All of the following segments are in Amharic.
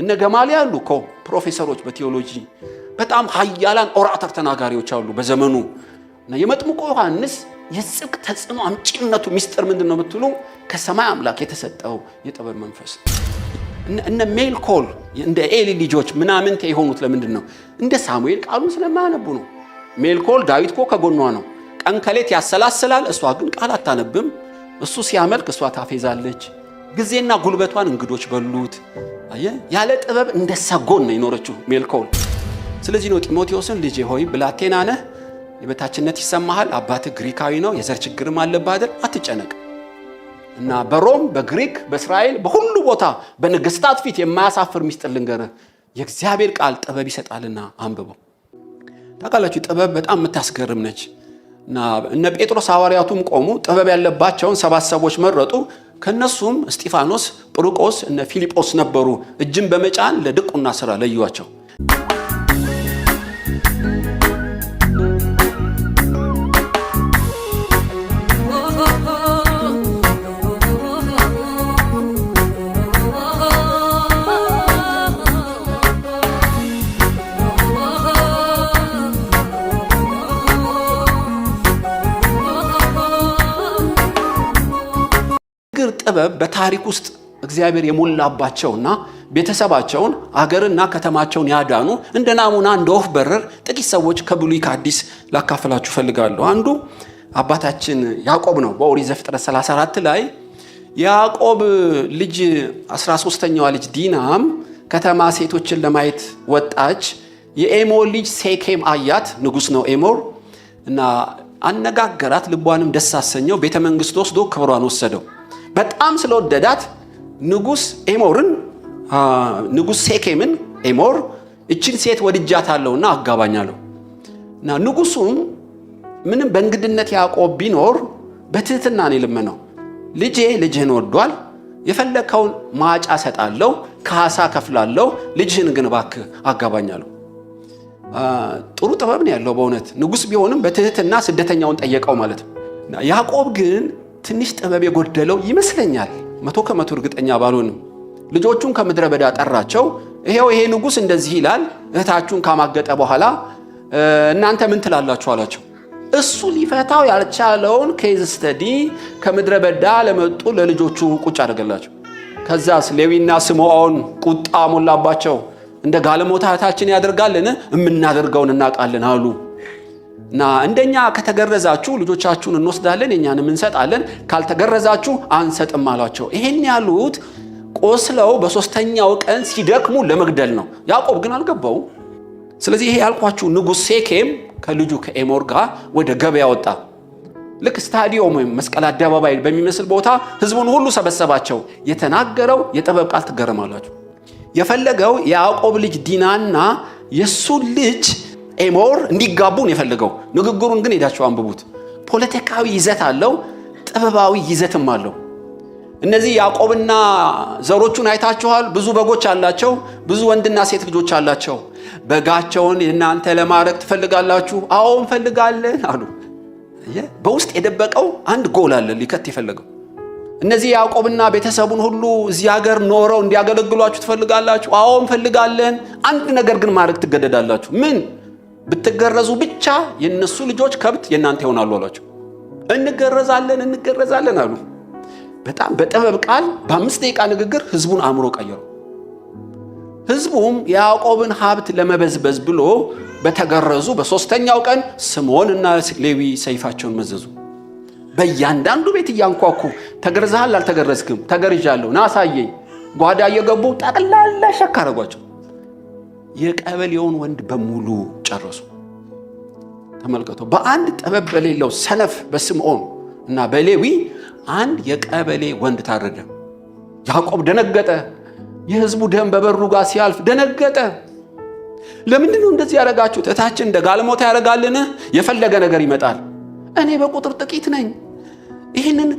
እነ ገማሊያ ያሉ እኮ ፕሮፌሰሮች በቴዎሎጂ በጣም ሀያላን ኦራተር ተናጋሪዎች አሉ በዘመኑ። የመጥምቁ ዮሐንስ የጽድቅ ተጽዕኖ አምጪነቱ ሚስጥር ምንድን ነው የምትሉ ከሰማይ አምላክ የተሰጠው የጥበብ መንፈስ እነ ሜልኮል እንደ ኤሊ ልጆች ምናምን የሆኑት ለምንድን ነው? እንደ ሳሙኤል ቃሉን ስለማያነቡ ነው። ሜልኮል ዳዊት እኮ ከጎኗ ነው። ቀን ከሌት ያሰላስላል፣ እሷ ግን ቃል አታነብም። እሱ ሲያመልክ እሷ ታፌዛለች። ጊዜና ጉልበቷን እንግዶች በሉት። ያለ ጥበብ እንደ ሰጎን ነው የኖረችው ሜልኮል። ስለዚህ ነው ጢሞቴዎስን ልጄ ሆይ ብላቴና ነህ፣ የበታችነት ይሰማሃል፣ አባትህ ግሪካዊ ነው፣ የዘር ችግርም አለብህ አይደል? አትጨነቅ እና በሮም በግሪክ በእስራኤል በሁሉ ቦታ በነገስታት ፊት የማያሳፍር ሚስጥር ልንገርህ፣ የእግዚአብሔር ቃል ጥበብ ይሰጣልና አንብበው። ታውቃላችሁ፣ ጥበብ በጣም የምታስገርም ነች። እና እነ ጴጥሮስ ሐዋርያቱም ቆሙ፣ ጥበብ ያለባቸውን ሰባት ሰዎች መረጡ። ከእነሱም እስጢፋኖስ፣ ጵሩቆስ፣ እነ ፊልጶስ ነበሩ። እጅን በመጫን ለድቁና ስራ ለዩዋቸው። ሰበብ በታሪክ ውስጥ እግዚአብሔር የሞላባቸውና ቤተሰባቸውን አገርና ከተማቸውን ያዳኑ እንደ ናሙና እንደ ወፍ በረር ጥቂት ሰዎች ከብሉይ ከአዲስ ላካፈላችሁ ፈልጋለሁ። አንዱ አባታችን ያዕቆብ ነው። በኦሪት ዘፍጥረት 34 ላይ ያዕቆብ ልጅ 13ኛዋ ልጅ ዲናም ከተማ ሴቶችን ለማየት ወጣች። የኤሞር ልጅ ሴኬም አያት፣ ንጉሥ ነው ኤሞር እና አነጋገራት፣ ልቧንም ደስ አሰኘው። ቤተ መንግሥት ወስዶ ክብሯን ወሰደው። በጣም ስለወደዳት ንጉስ ኤሞርን ንጉስ ሴኬምን ኤሞር እችን ሴት ወድጃታለሁና አጋባኛለሁ እና ንጉሱም ምንም በእንግድነት ያዕቆብ ቢኖር በትህትና ነው የለመነው። ልጄ ልጅህን ወዷል፣ የፈለግከውን ማጫ ሰጣለሁ፣ ካሳ ከፍላለሁ፣ ልጅህን ግን እባክህ አጋባኛለሁ። ጥሩ ጥበብ ነው ያለው በእውነት ንጉስ ቢሆንም በትህትና ስደተኛውን ጠየቀው ማለት ነው። ያዕቆብ ግን ትንሽ ጥበብ የጎደለው ይመስለኛል። መቶ ከመቶ እርግጠኛ ባልሆንም ልጆቹን ከምድረ በዳ ጠራቸው። ይሄው ይሄ ንጉሥ እንደዚህ ይላል፣ እህታችሁን ካማገጠ በኋላ እናንተ ምን ትላላችሁ አላቸው። እሱ ሊፈታው ያልቻለውን ኬዝ ስተዲ ከምድረ በዳ ለመጡ ለልጆቹ ቁጭ አደረገላቸው። ከዛስ ሌዊና ስምዖን ቁጣ ሞላባቸው። እንደ ጋለሞታ እህታችን ያደርጋልን? የምናደርገውን እናውቃለን አሉ። እና እንደኛ ከተገረዛችሁ ልጆቻችሁን እንወስዳለን የኛንም እንሰጣለን፣ ካልተገረዛችሁ አንሰጥም አሏቸው። ይሄን ያሉት ቆስለው በሶስተኛው ቀን ሲደክሙ ለመግደል ነው። ያዕቆብ ግን አልገባው። ስለዚህ ይሄ ያልኳችሁ ንጉሥ ሴኬም ከልጁ ከኤሞር ጋር ወደ ገበያ ወጣ። ልክ ስታዲዮም ወይም መስቀል አደባባይ በሚመስል ቦታ ህዝቡን ሁሉ ሰበሰባቸው። የተናገረው የጥበብ ቃል ትገረማላችሁ። የፈለገው የያዕቆብ ልጅ ዲናና የእሱን ልጅ ኤሞር እንዲጋቡ ነው የፈለገው። ንግግሩን ግን ሄዳችሁ አንብቡት። ፖለቲካዊ ይዘት አለው፣ ጥበባዊ ይዘትም አለው። እነዚህ ያዕቆብና ዘሮቹን አይታችኋል። ብዙ በጎች አላቸው፣ ብዙ ወንድና ሴት ልጆች አላቸው። በጋቸውን እናንተ ለማድረግ ትፈልጋላችሁ? አዎ እንፈልጋለን አሉ። በውስጥ የደበቀው አንድ ጎል አለ ሊከት የፈለገው እነዚህ ያዕቆብና ቤተሰቡን ሁሉ እዚህ ሀገር ኖረው እንዲያገለግሏችሁ ትፈልጋላችሁ? አዎ እንፈልጋለን። አንድ ነገር ግን ማድረግ ትገደዳላችሁ። ምን? ብትገረዙ ብቻ የእነሱ ልጆች ከብት የእናንተ ይሆናሉ አሏቸው። እንገረዛለን እንገረዛለን አሉ። በጣም በጥበብ ቃል በአምስት ደቂቃ ንግግር ህዝቡን አእምሮ ቀየሩ። ህዝቡም የያዕቆብን ሀብት ለመበዝበዝ ብሎ በተገረዙ በሦስተኛው ቀን ስምዖን እና ሌዊ ሰይፋቸውን መዘዙ። በእያንዳንዱ ቤት እያንኳኩ ተገርዘሃል፣ አልተገረዝክም፣ ተገርዣለሁ፣ ናሳየኝ። ጓዳ እየገቡ ጠቅላላ ሸካ አረጓቸው። የቀበሌውን ወንድ በሙሉ ጨረሱ። ተመልከቶ በአንድ ጥበብ በሌለው ሰነፍ በስምዖን እና በሌዊ አንድ የቀበሌ ወንድ ታረደ። ያዕቆብ ደነገጠ። የህዝቡ ደም በበሩ ጋር ሲያልፍ ደነገጠ። ለምንድን ነው እንደዚህ ያደረጋችሁት? እታችን እንደ ጋለሞታ ያደርጋልን የፈለገ ነገር ይመጣል። እኔ በቁጥር ጥቂት ነኝ። ይህንን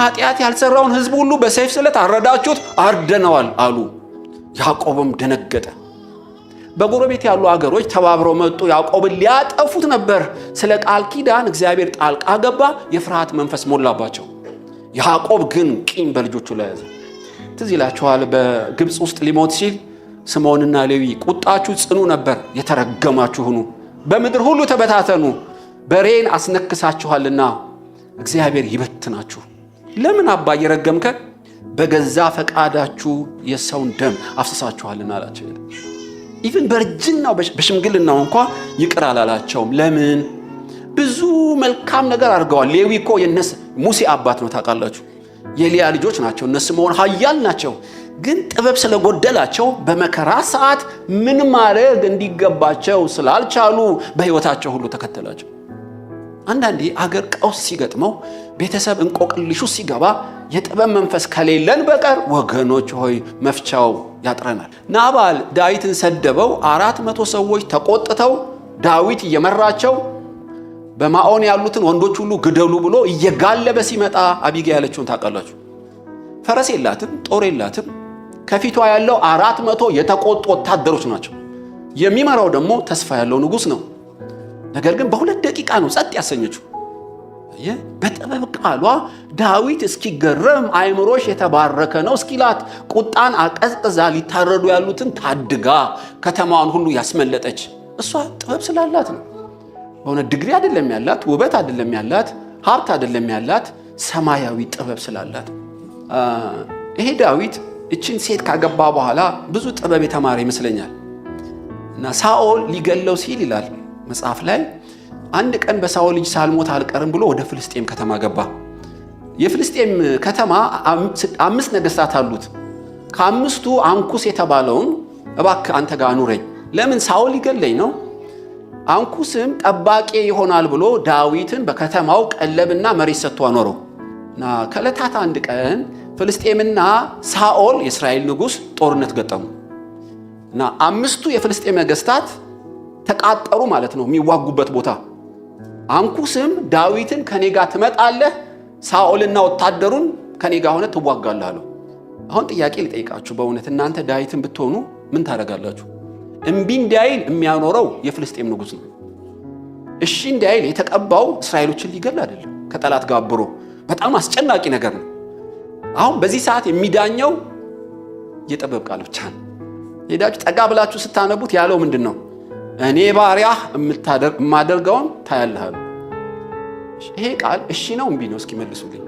ኃጢአት ያልሰራውን ህዝብ ሁሉ በሰይፍ ስለት አረዳችሁት፣ አርደነዋል አሉ። ያዕቆብም ደነገጠ። በጎረቤት ያሉ አገሮች ተባብረው መጡ። ያዕቆብን ሊያጠፉት ነበር። ስለ ቃል ኪዳን እግዚአብሔር ጣልቃ ገባ። የፍርሃት መንፈስ ሞላባቸው። ያዕቆብ ግን ቂም በልጆቹ ላይ ያዘ። ትዝ ይላችኋል፣ በግብፅ ውስጥ ሊሞት ሲል ስምዖንና ሌዊ ቁጣችሁ ጽኑ ነበር፣ የተረገማችሁ ሁኑ፣ በምድር ሁሉ ተበታተኑ፣ በሬን አስነክሳችኋልና እግዚአብሔር ይበትናችሁ። ለምን አባ እየረገምከ በገዛ ፈቃዳችሁ የሰውን ደም አፍስሳችኋልና አላቸው። ኢቭን በእርጅናው በሽምግልናው እንኳ ይቅር አላላቸውም። ለምን? ብዙ መልካም ነገር አድርገዋል። ሌዊ እኮ የነስ ሙሴ አባት ነው ታውቃላችሁ። የሊያ ልጆች ናቸው እነሱ መሆን ሀያል ናቸው። ግን ጥበብ ስለጎደላቸው በመከራ ሰዓት ምን ማድረግ እንዲገባቸው ስላልቻሉ በሕይወታቸው ሁሉ ተከተላቸው። አንዳንዴ አገር ቀውስ ሲገጥመው ቤተሰብ እንቆቅልሹ ሲገባ የጥበብ መንፈስ ከሌለን በቀር ወገኖች ሆይ መፍቻው ያጥረናል። ናባል ዳዊትን ሰደበው። አራት መቶ ሰዎች ተቆጥተው ዳዊት እየመራቸው በማዖን ያሉትን ወንዶች ሁሉ ግደሉ ብሎ እየጋለበ ሲመጣ አቢጋ ያለችውን ታውቃላችሁ። ፈረስ የላትም፣ ጦር የላትም። ከፊቷ ያለው አራት መቶ የተቆጡ ወታደሮች ናቸው። የሚመራው ደግሞ ተስፋ ያለው ንጉሥ ነው። ነገር ግን በሁለት ደቂቃ ነው ጸጥ ያሰኘችው። በጥበብ ቃሏ ዳዊት እስኪገረም አይምሮሽ የተባረከ ነው እስኪላት ቁጣን አቀዝቅዛ ሊታረዱ ያሉትን ታድጋ ከተማዋን ሁሉ ያስመለጠች እሷ ጥበብ ስላላት ነው። በሆነ ድግሪ አይደለም ያላት፣ ውበት አይደለም ያላት፣ ሀብት አይደለም ያላት፣ ሰማያዊ ጥበብ ስላላት ይሄ ዳዊት እችን ሴት ካገባ በኋላ ብዙ ጥበብ የተማረ ይመስለኛል እና ሳኦል ሊገለው ሲል ይላል መጽሐፍ ላይ አንድ ቀን በሳኦል ልጅ ሳልሞት አልቀርም ብሎ ወደ ፍልስጤም ከተማ ገባ። የፍልስጤም ከተማ አምስት ነገስታት አሉት። ከአምስቱ አንኩስ የተባለውን እባክህ አንተ ጋር አኑረኝ፣ ለምን ሳኦል ይገለኝ ነው። አንኩስም ጠባቂ ይሆናል ብሎ ዳዊትን በከተማው ቀለብና መሬት ሰጥቶ አኖረው እና ከዕለታት አንድ ቀን ፍልስጤምና ሳኦል የእስራኤል ንጉሥ ጦርነት ገጠሙ እና አምስቱ የፍልስጤም ነገስታት ተቃጠሩ ማለት ነው። የሚዋጉበት ቦታ አንኩስም ዳዊትን ከኔ ጋር ትመጣለህ፣ ሳኦልና ወታደሩን ከኔ ጋር ሆነ ትዋጋለህ አለው። አሁን ጥያቄ ልጠይቃችሁ በእውነት እናንተ ዳዊትን ብትሆኑ ምን ታደርጋላችሁ? እምቢ እንዳይል የሚያኖረው የፍልስጤም ንጉሥ ነው። እሺ እንዳይል የተቀባው እስራኤሎችን ሊገል አይደለም፣ ከጠላት ጋር አብሮ በጣም አስጨናቂ ነገር ነው። አሁን በዚህ ሰዓት የሚዳኘው የጥበብ ቃል ብቻ ነው። ሄዳችሁ ጠጋ ብላችሁ ስታነቡት ያለው ምንድን ነው? እኔ ባሪያህ የማደርገውን ታያለህ ይሄ ቃል እሺ ነው እምቢ ነው? እስኪ መልሱልኝ።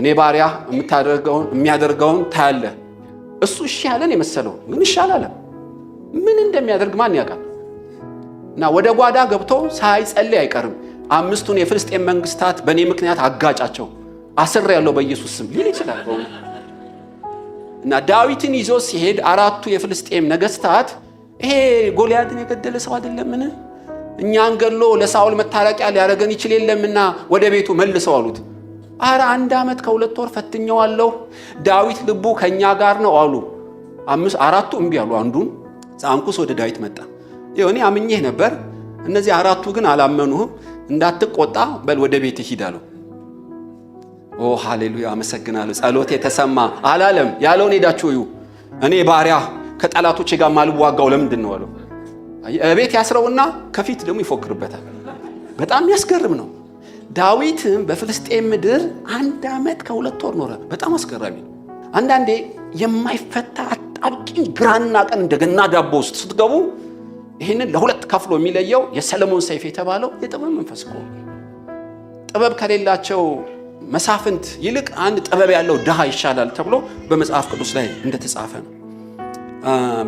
እኔ ባሪያህ የምታደርገውን የሚያደርገውን ታያለህ። እሱ እሺ ያለን የመሰለው ግን እሺ አላለም። ምን እንደሚያደርግ ማን ያውቃል? እና ወደ ጓዳ ገብቶ ሳይጸልይ አይቀርም። አምስቱን የፍልስጤን መንግስታት በእኔ ምክንያት አጋጫቸው አስር ያለው በኢየሱስ ስም ሊል ይችላል። እና ዳዊትን ይዞ ሲሄድ አራቱ የፍልስጤም ነገስታት ይሄ ጎልያድን የገደለ ሰው አይደለምን? እኛን ገሎ ለሳኦል መታረቂያ ሊያደርገን ይችል የለምና ወደ ቤቱ መልሰው አሉት። አረ አንድ ዓመት ከሁለት ወር አለው ዳዊት ልቡ ከእኛ ጋር ነው አሉ። አራቱ እምቢ አሉ። አንዱን ዛንኩስ ወደ ዳዊት መጣ። እኔ አምኜህ ነበር፣ እነዚህ አራቱ ግን አላመኑህም። እንዳትቆጣ በል ወደ ቤት ሂድ አለው። ኦ ሃሌሉያ! አመሰግናለሁ፣ ጸሎቴ ተሰማ አላለም። ያለውን ሄዳችሁ እዩ። እኔ ባሪያ ከጠላቶቼ ጋር ማልዋጋው ለምንድን ነው አለው። ቤት ያስረውና ከፊት ደግሞ ይፎክርበታል። በጣም የሚያስገርም ነው። ዳዊትም በፍልስጤም ምድር አንድ ዓመት ከሁለት ወር ኖረ። በጣም አስገራሚ ነው። አንዳንዴ የማይፈታ አጣብቂኝ ግራና ቀን እንደገና ዳቦ ውስጥ ስትገቡ ይህንን ለሁለት ከፍሎ የሚለየው የሰለሞን ሰይፍ የተባለው የጥበብ መንፈስ እኮ ጥበብ ከሌላቸው መሳፍንት ይልቅ አንድ ጥበብ ያለው ድሃ ይሻላል ተብሎ በመጽሐፍ ቅዱስ ላይ እንደተጻፈ ነው።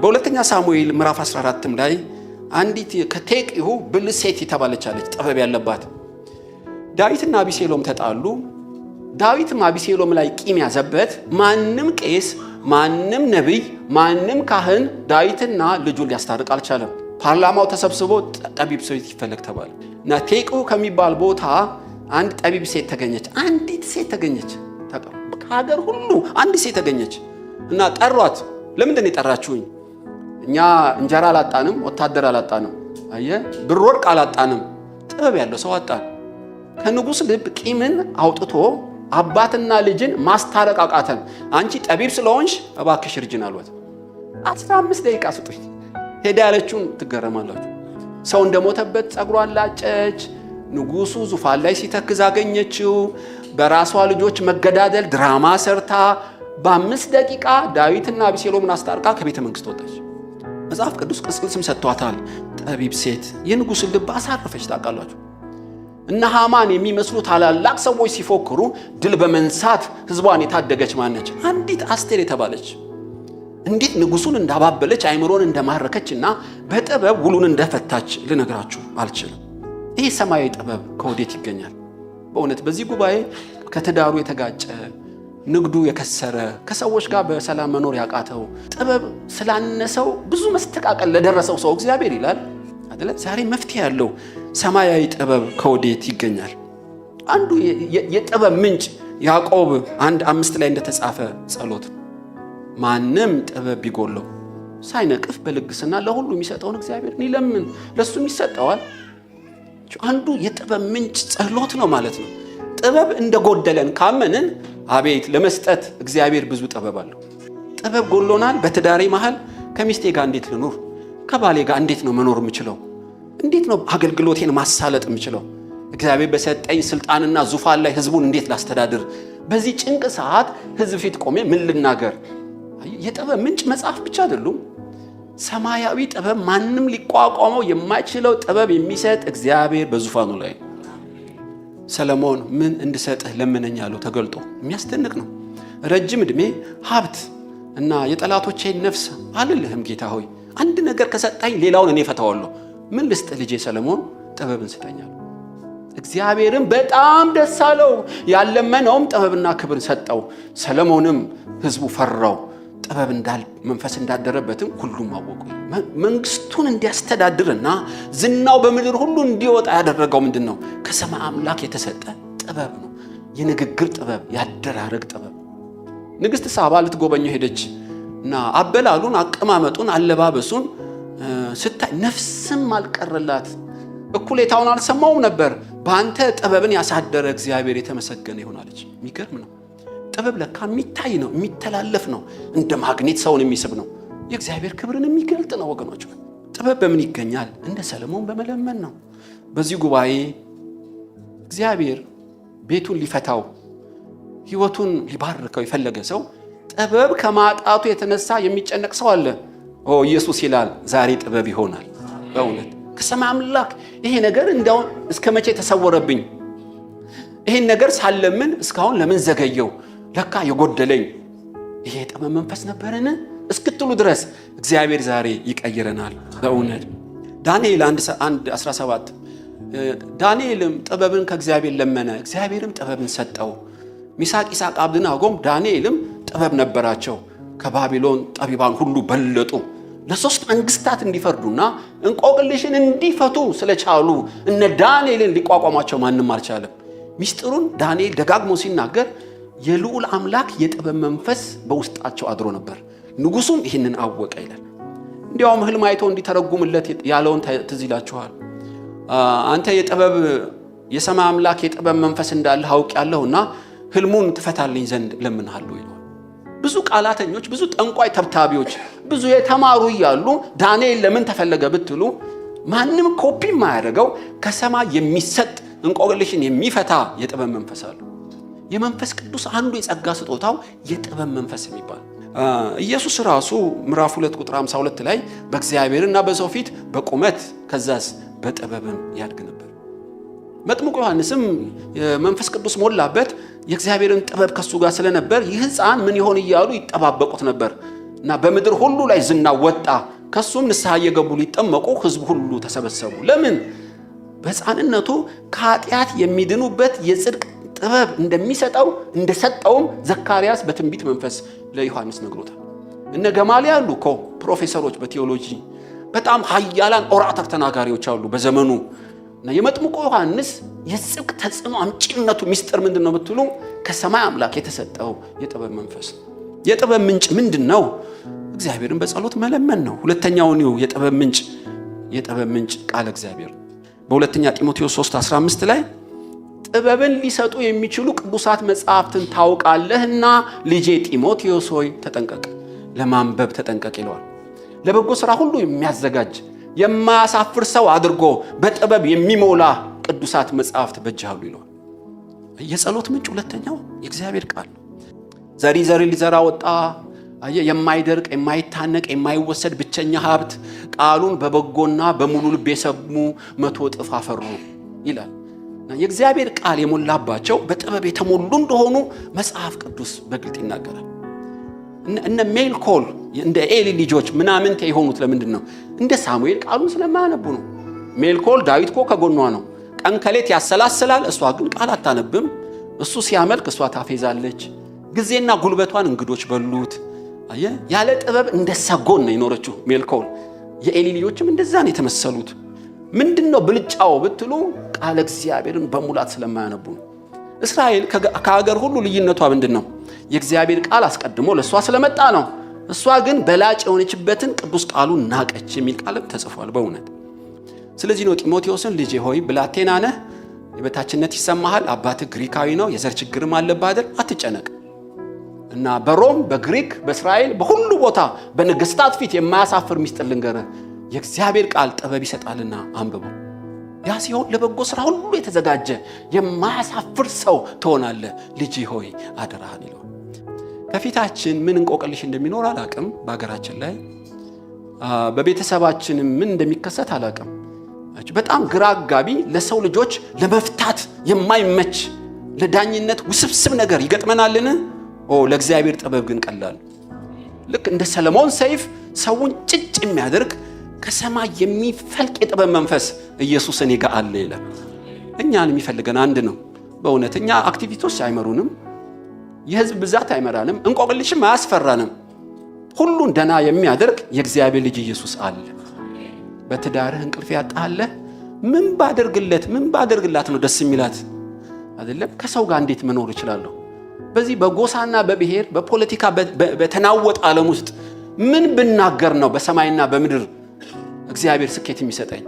በሁለተኛ ሳሙኤል ምዕራፍ 14ም ላይ አንዲት ከቴቅሁ ብልህ ሴት የተባለች አለች፣ ጥበብ ያለባት። ዳዊትና አቢሴሎም ተጣሉ። ዳዊትም አቢሴሎም ላይ ቂም ያዘበት። ማንም ቄስ፣ ማንም ነቢይ፣ ማንም ካህን ዳዊትና ልጁን ሊያስታርቅ አልቻለም። ፓርላማው ተሰብስቦ ጠቢብ ሰው ይፈለግ ተባለ እና ቴቅሁ ከሚባል ቦታ አንድ ጠቢብ ሴት ተገኘች። አንዲት ሴት ተገኘች፣ ከሀገር ሁሉ አንድ ሴት ተገኘች እና ጠሯት ለምንድን የጠራችሁኝ? እኛ እንጀራ አላጣንም፣ ወታደር አላጣንም፣ አየ ብር ወርቅ አላጣንም፣ ጥበብ ያለው ሰው አጣን። ከንጉሥ ልብ ቂምን አውጥቶ አባትና ልጅን ማስታረቅ አቃተን። አንቺ ጠቢብ ስለሆንሽ እባክሽ ልጅን አሏት። አስራ አምስት ደቂቃ ስጡኝ። ሄዳ ያለችውን ትገረማላችሁ። ሰው እንደሞተበት ጸጉሯን አላጨች። ንጉሱ ዙፋን ላይ ሲተክዝ አገኘችው። በራሷ ልጆች መገዳደል ድራማ ሰርታ በአምስት ደቂቃ ዳዊትና አቤሴሎምን አስታርቃ ከቤተ መንግስት ወጣች። መጽሐፍ ቅዱስ ቅጽል ስም ሰጥቷታል። ጠቢብ ሴት የንጉሥን ልብ አሳረፈች። ታውቃላችሁ እነ ሃማን የሚመስሉ ታላላቅ ሰዎች ሲፎክሩ ድል በመንሳት ህዝቧን የታደገች ማነች? አንዲት አስቴር የተባለች እንዴት ንጉሱን እንዳባበለች አይምሮን እንደማረከች እና በጥበብ ውሉን እንደፈታች ልነግራችሁ አልችልም። ይህ ሰማያዊ ጥበብ ከወዴት ይገኛል? በእውነት በዚህ ጉባኤ ከትዳሩ የተጋጨ ንግዱ የከሰረ ከሰዎች ጋር በሰላም መኖር ያቃተው ጥበብ ስላነሰው ብዙ መስተቃቀል ለደረሰው ሰው እግዚአብሔር ይላል አይደለ? ዛሬ መፍትሄ ያለው ሰማያዊ ጥበብ ከወዴት ይገኛል? አንዱ የጥበብ ምንጭ ያዕቆብ አንድ አምስት ላይ እንደተጻፈ ጸሎት ማንም ጥበብ ቢጎለው ሳይነቅፍ በልግስና ለሁሉ የሚሰጠውን እግዚአብሔርን ይለምን ለእሱም ይሰጠዋል። አንዱ የጥበብ ምንጭ ጸሎት ነው ማለት ነው። ጥበብ እንደጎደለን ካመንን አቤት ለመስጠት እግዚአብሔር ብዙ ጥበብ አለው። ጥበብ ጎሎናል። በትዳሬ መሃል ከሚስቴ ጋር እንዴት ልኖር፣ ከባሌ ጋር እንዴት ነው መኖር የምችለው፣ እንዴት ነው አገልግሎቴን ማሳለጥ የምችለው፣ እግዚአብሔር በሰጠኝ ስልጣንና ዙፋን ላይ ህዝቡን እንዴት ላስተዳድር፣ በዚህ ጭንቅ ሰዓት ህዝብ ፊት ቆሜ ምን ልናገር። የጥበብ ምንጭ መጽሐፍ ብቻ አይደሉም። ሰማያዊ ጥበብ ማንም ሊቋቋመው የማይችለው ጥበብ የሚሰጥ እግዚአብሔር በዙፋኑ ላይ ሰለሞን ምን እንድሰጥህ ለምነኝ አለው ተገልጦ። የሚያስደንቅ ነው። ረጅም ዕድሜ፣ ሀብት እና የጠላቶቼን ነፍስ አልልህም ጌታ ሆይ፣ አንድ ነገር ከሰጣኝ ሌላውን እኔ ፈታዋለሁ። ምን ልስጥህ ልጄ ሰለሞን? ጥበብን ስጠኛል። እግዚአብሔርም በጣም ደስ አለው። ያለመነውም ጥበብና ክብር ሰጠው። ሰለሞንም ህዝቡ ፈራው። ጥበብ መንፈስ እንዳደረበትም ሁሉም አወቁ። መንግስቱን እንዲያስተዳድርና ዝናው በምድር ሁሉ እንዲወጣ ያደረገው ምንድን ነው? ከሰማይ አምላክ የተሰጠ ጥበብ ነው። የንግግር ጥበብ፣ ያደራረግ ጥበብ። ንግሥት ሳባ ልትጎበኘው ሄደች እና አበላሉን፣ አቀማመጡን፣ አለባበሱን ስታይ ነፍስም አልቀረላት። እኩሌታውን አልሰማውም ነበር። በአንተ ጥበብን ያሳደረ እግዚአብሔር የተመሰገነ ይሆናለች። የሚገርም ነው። ጥበብ ለካ የሚታይ ነው፣ የሚተላለፍ ነው። እንደ ማግኔት ሰውን የሚስብ ነው። የእግዚአብሔር ክብርን የሚገልጥ ነው። ወገኖች ጥበብ በምን ይገኛል? እንደ ሰለሞን በመለመን ነው። በዚህ ጉባኤ እግዚአብሔር ቤቱን ሊፈታው ሕይወቱን ሊባርከው የፈለገ ሰው ጥበብ ከማጣቱ የተነሳ የሚጨነቅ ሰው አለ። ኦ ኢየሱስ ይላል ዛሬ ጥበብ ይሆናል። በእውነት ከሰማይ አምላክ ይሄ ነገር እንዲያውም እስከ መቼ ተሰወረብኝ? ይህን ነገር ሳለምን እስካሁን ለምን ዘገየው? ለካ የጎደለኝ ይሄ የጠመ መንፈስ ነበረን እስክትሉ ድረስ እግዚአብሔር ዛሬ ይቀይረናል። በእውነት ዳንኤል 1 17 ዳንኤልም ጥበብን ከእግዚአብሔር ለመነ፣ እግዚአብሔርም ጥበብን ሰጠው። ሚሳቅ ይሳቅ፣ አብድናጎም ዳንኤልም ጥበብ ነበራቸው። ከባቢሎን ጠቢባን ሁሉ በለጡ። ለሶስት መንግስታት እንዲፈርዱና እንቆቅልሽን እንዲፈቱ ስለቻሉ እነ ዳንኤልን ሊቋቋማቸው ማንም አልቻለም። ሚስጥሩን ዳንኤል ደጋግሞ ሲናገር የልዑል አምላክ የጥበብ መንፈስ በውስጣቸው አድሮ ነበር። ንጉሱም ይህንን አወቀ ይላል። እንዲያውም ህልም አይቶ እንዲተረጉምለት ያለውን ትዝ ይላችኋል። አንተ የጥበብ የሰማይ አምላክ የጥበብ መንፈስ እንዳለ አውቅ አውቄአለሁና ህልሙን ትፈታልኝ ዘንድ እለምንሃለሁ ይለዋል። ብዙ ቃላተኞች፣ ብዙ ጠንቋይ ተብታቢዎች፣ ብዙ የተማሩ እያሉ ዳንኤል ለምን ተፈለገ ብትሉ ማንም ኮፒ የማያደርገው ከሰማይ የሚሰጥ እንቆቅልሽን የሚፈታ የጥበብ መንፈስ አለው። የመንፈስ ቅዱስ አንዱ የጸጋ ስጦታው የጥበብ መንፈስ የሚባል ኢየሱስ ራሱ ምዕራፍ 2 ቁጥር 52 ላይ በእግዚአብሔርና በሰው ፊት በቁመት ከዛስ በጥበብም ያድግ ነበር። መጥምቁ ዮሐንስም መንፈስ ቅዱስ ሞላበት፣ የእግዚአብሔርን ጥበብ ከሱ ጋር ስለነበር ይህ ሕፃን ምን ይሆን እያሉ ይጠባበቁት ነበር እና በምድር ሁሉ ላይ ዝና ወጣ። ከሱም ንስሐ እየገቡ ሊጠመቁ ሕዝብ ሁሉ ተሰበሰቡ። ለምን? በሕፃንነቱ ከኃጢአት የሚድኑበት የጽድቅ ጥበብ እንደሚሰጠው እንደሰጠውም ዘካርያስ በትንቢት መንፈስ ለዮሐንስ ነግሮታል። እነ ገማልያል አሉ እኮ ፕሮፌሰሮች በቴዎሎጂ በጣም ሀያላን ኦራተር ተናጋሪዎች አሉ በዘመኑ እና የመጥምቁ ዮሐንስ የጽድቅ ተጽዕኖ አምጪነቱ ሚስጥር ምንድን ነው ብትሉ ከሰማይ አምላክ የተሰጠው የጥበብ መንፈስ ነው። የጥበብ ምንጭ ምንድን ነው? እግዚአብሔርን በጸሎት መለመን ነው። ሁለተኛውን የጥበብ ምንጭ የጥበብ ምንጭ ቃል እግዚአብሔር በሁለተኛ ጢሞቴዎስ 3 15 ላይ ጥበብን ሊሰጡ የሚችሉ ቅዱሳት መጽሐፍትን ታውቃለህና ልጄ ጢሞቴዎስ ሆይ ተጠንቀቅ፣ ለማንበብ ተጠንቀቅ ይለዋል። ለበጎ ሥራ ሁሉ የሚያዘጋጅ የማያሳፍር ሰው አድርጎ በጥበብ የሚሞላ ቅዱሳት መጽሐፍት በእጅህ አሉ ይለዋል። የጸሎት ምንጭ ሁለተኛው የእግዚአብሔር ቃል ዘሪ ዘሪ ሊዘራ ወጣ የማይደርቅ የማይታነቅ የማይወሰድ ብቸኛ ሀብት ቃሉን በበጎና በሙሉ ልብ የሰሙ መቶ እጥፍ አፈሩ ይላል። የእግዚአብሔር ቃል የሞላባቸው በጥበብ የተሞሉ እንደሆኑ መጽሐፍ ቅዱስ በግልጥ ይናገራል። እነ ሜልኮል እንደ ኤሊ ልጆች ምናምንቴ የሆኑት ለምንድን ነው? እንደ ሳሙኤል ቃሉን ስለማያነቡ ነው። ሜልኮል ዳዊት እኮ ከጎኗ ነው። ቀን ከሌት ያሰላስላል፣ እሷ ግን ቃል አታነብም። እሱ ሲያመልክ እሷ ታፌዛለች። ጊዜና ጉልበቷን እንግዶች በሉት። ያለ ጥበብ እንደ ሰጎን ነው የኖረችው ሜልኮል። የኤሊ ልጆችም እንደዛ ነው የተመሰሉት። ምንድን ነው ብልጫው ብትሉ ቃለ እግዚአብሔርን በሙላት ስለማያነቡ ነው። እስራኤል ከሀገር ሁሉ ልዩነቷ ምንድን ነው? የእግዚአብሔር ቃል አስቀድሞ ለእሷ ስለመጣ ነው። እሷ ግን በላጭ የሆነችበትን ቅዱስ ቃሉ ናቀች የሚል ቃልም ተጽፏል በእውነት ስለዚህ ነው ጢሞቴዎስን ልጄ ሆይ ብላቴና ነህ፣ የበታችነት ይሰማሃል፣ አባትህ ግሪካዊ ነው፣ የዘር ችግርም አለብህ አይደል፣ አትጨነቅ እና በሮም በግሪክ በእስራኤል በሁሉ ቦታ በነገስታት ፊት የማያሳፍር ሚስጥር ልንገርህ የእግዚአብሔር ቃል ጥበብ ይሰጣልና አንብበው። ያ ሲሆን ለበጎ ስራ ሁሉ የተዘጋጀ የማያሳፍር ሰው ትሆናለ ልጅ ሆይ አደራህን ይለው። ከፊታችን ምን እንቆቅልሽ እንደሚኖር አላቅም። በሀገራችን ላይ በቤተሰባችን ምን እንደሚከሰት አላቅም። በጣም ግራ አጋቢ፣ ለሰው ልጆች ለመፍታት የማይመች ለዳኝነት ውስብስብ ነገር ይገጥመናልን? ኦ ለእግዚአብሔር ጥበብ ግን ቀላል ልክ እንደ ሰለሞን ሰይፍ ሰውን ጭጭ የሚያደርግ ከሰማይ የሚፈልቅ የጥበብ መንፈስ ኢየሱስ እኔ ጋር አለ ይለ እኛን የሚፈልገን አንድ ነው። በእውነት እኛ አክቲቪቶች አይመሩንም፣ የህዝብ ብዛት አይመራንም፣ እንቆቅልሽም አያስፈራንም። ሁሉን ደና የሚያደርግ የእግዚአብሔር ልጅ ኢየሱስ አለ። በትዳርህ እንቅልፍ ያጣለ ምን ባደርግለት ምን ባደርግላት ነው ደስ የሚላት አይደለም። ከሰው ጋር እንዴት መኖር እችላለሁ? በዚህ በጎሳና በብሔር በፖለቲካ በተናወጠ ዓለም ውስጥ ምን ብናገር ነው በሰማይና በምድር እግዚአብሔር ስኬት የሚሰጠኝ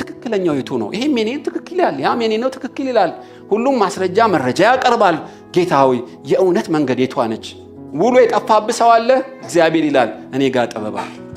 ትክክለኛው የቱ ነው? ይሄም የኔ ትክክል ይላል፣ ያም የኔ ነው ትክክል ይላል። ሁሉም ማስረጃ መረጃ ያቀርባል። ጌታ ሆይ የእውነት መንገድ የቷ ነች? ውሎ የጠፋብህ ሰው አለ? እግዚአብሔር ይላል እኔ ጋር ጥበባል